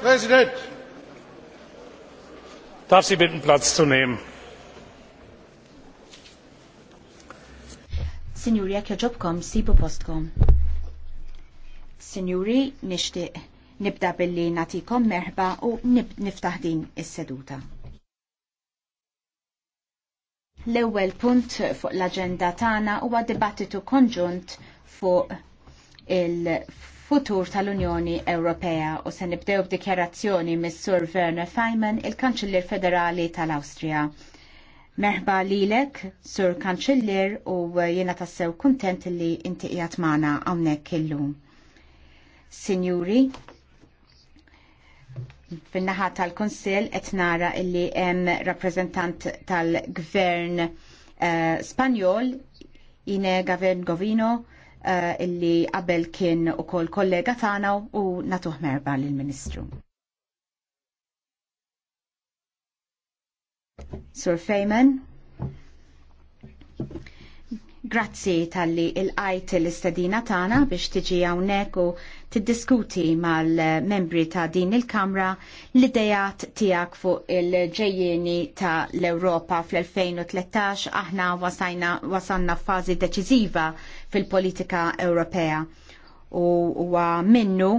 President. Darf Sie bitten, Platz zu nehmen? Signori, jekk joġobkom, sibu postkom. Signori, nixtieq nibda billi natikom merħba u niftaħ din is-seduta. L-ewwel punt fuq l-aġenda tagħna huwa dibattitu konġunt fuq il futur tal-Unjoni Ewropea u se nibdew b'dikjarazzjoni mis-Sur Werner Feynman, il-Kanċiller Federali tal-Awstrija. Merħba lilek, Sur Kanċiller, u jiena tassew kuntent li inti qiegħed magħna hawnhekk illum. Sinjuri, fin-naħa tal-Kunsill qed nara illi hemm rappreżentant tal-Gvern uh, Spanjol, Ine Gavern Govino, Eh, illi qabel kien ukoll kollega tagħna u natuh merba lill-Ministru. Sur Fejmen. Grazzi tal-li il-għajt l-istadina tana biex tiġi għawnek u tiddiskuti mal-membri ta' din il-Kamra l-idejat tijak fuq il-ġejjeni ta' l-Europa fl-2013 aħna wasanna fazi deċiziva fil-politika Ewropea u huwa minnu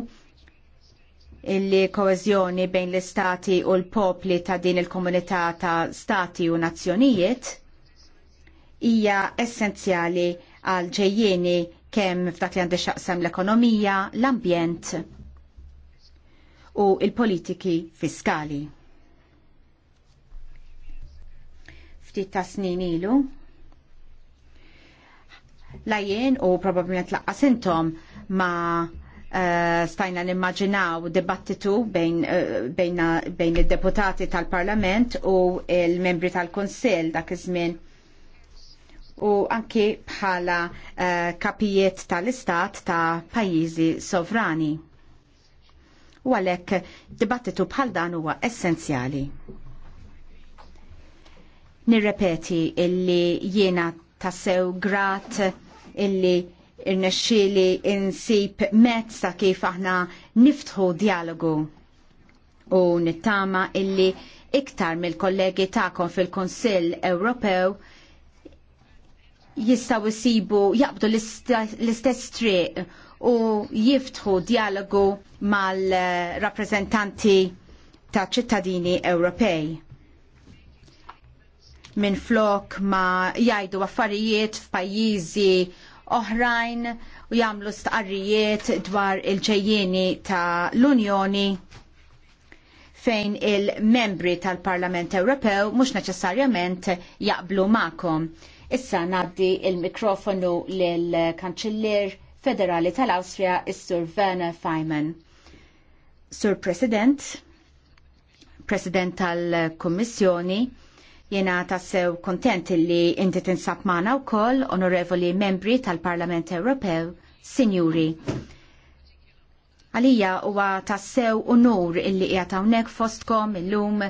illi koezjoni bejn l-istati u l-popli ta' din il-komunità ta' stati u nazzjonijiet hija essenzjali għal ġejjieni kemm f'dak li għandu xaqsam l-ekonomija, l-ambjent u l politiki fiskali. Ftit ta' snin ilu, lajjen u probabilment laqqas intom ma uh, stajna nimmaġinaw dibattitu bejn, uh, bejn id-deputati tal-Parlament u il-membri tal-Konsil dak iż-żmien u anki bħala eh, kapijiet tal-istat ta' pajjiżi sovrani. U għalhekk dibattitu bħal dan huwa essenzjali. Nirrepeti illi jiena tassew grat illi irnexxieli insib mezz ta' kif aħna niftħu dialogu u nittama illi iktar mill-kollegi tagħkom fil-Konsill Ewropew jistaw jisibu jaqbdu l-istess triq u jiftħu dialogu mal-rappresentanti ta' ċittadini Ewropej. Min flok ma jajdu affarijiet f'pajjiżi oħrajn u jagħmlu stqarrijiet dwar il-ġejjieni ta' l-Unjoni fejn il-membri tal-Parlament Ewropew mhux neċessarjament jaqblu magħkom. Issa naddi il-mikrofonu lill-Kanċiller Federali tal austria is-Sur Werner Feynman. Sur President, President tal-Kommissjoni, jena tassew kontent li inti tinsab maħna u koll onorevoli membri tal-Parlament Ewropew, Signuri. Għalija huwa tassew unur illi qiegħed hawnhekk fostkom illum